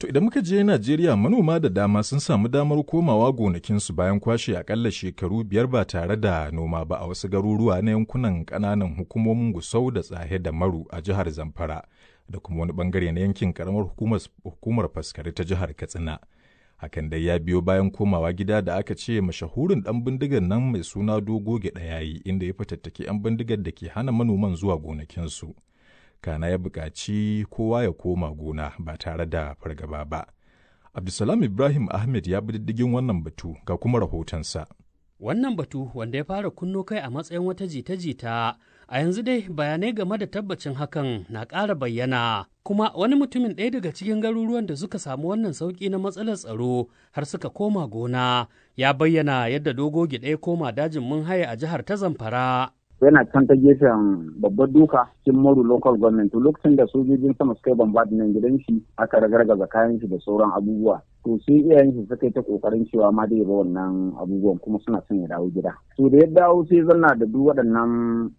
To idan muka je Najeriya manoma da dama sun samu damar komawa gonakinsu bayan kwashe akalla shekaru biyar ba tare da noma ba a wasu garuruwa na yankunan kananan hukumomin Gusau da Tsahe da Maru a jihar Zamfara da kuma wani bangare na yankin karamar hukumar faskari ta jihar Katsina. Hakan dai ya biyo bayan komawa gida da aka ce mashahurin ɗan bindigar nan mai suna dogo gyaɗa yi inda ya fatattaki 'yan bindigar da ke hana manoman zuwa gonakinsu. kana ya buƙaci kowa ya koma gona ba tare da fargaba ba. Abdulsalam Ibrahim Ahmed ya bi diddigin wannan batu ga kuma rahotonsa. Wannan batu wanda ya fara kunno kai a matsayin wata jita-jita a yanzu dai bayanai game da tabbacin hakan na ƙara bayyana kuma wani mutumin ɗaya daga cikin garuruwan da suka samu wannan sauƙi na matsalar tsaro har suka koma gona ya bayyana yadda dogogi ɗaya koma dajin mun haya a jihar ta zamfara yana can ta gefen babbar duka cikin moru local government lokacin da sojojin sama suka yi bombardment gidan shi aka ragargaza kayan shi da sauran abubuwa to sai iyayen shi suka yi ta kokarin cewa ma dai ba wannan abubuwan kuma suna son ya dawo gida to da ya dawo sai zanna da duk waɗannan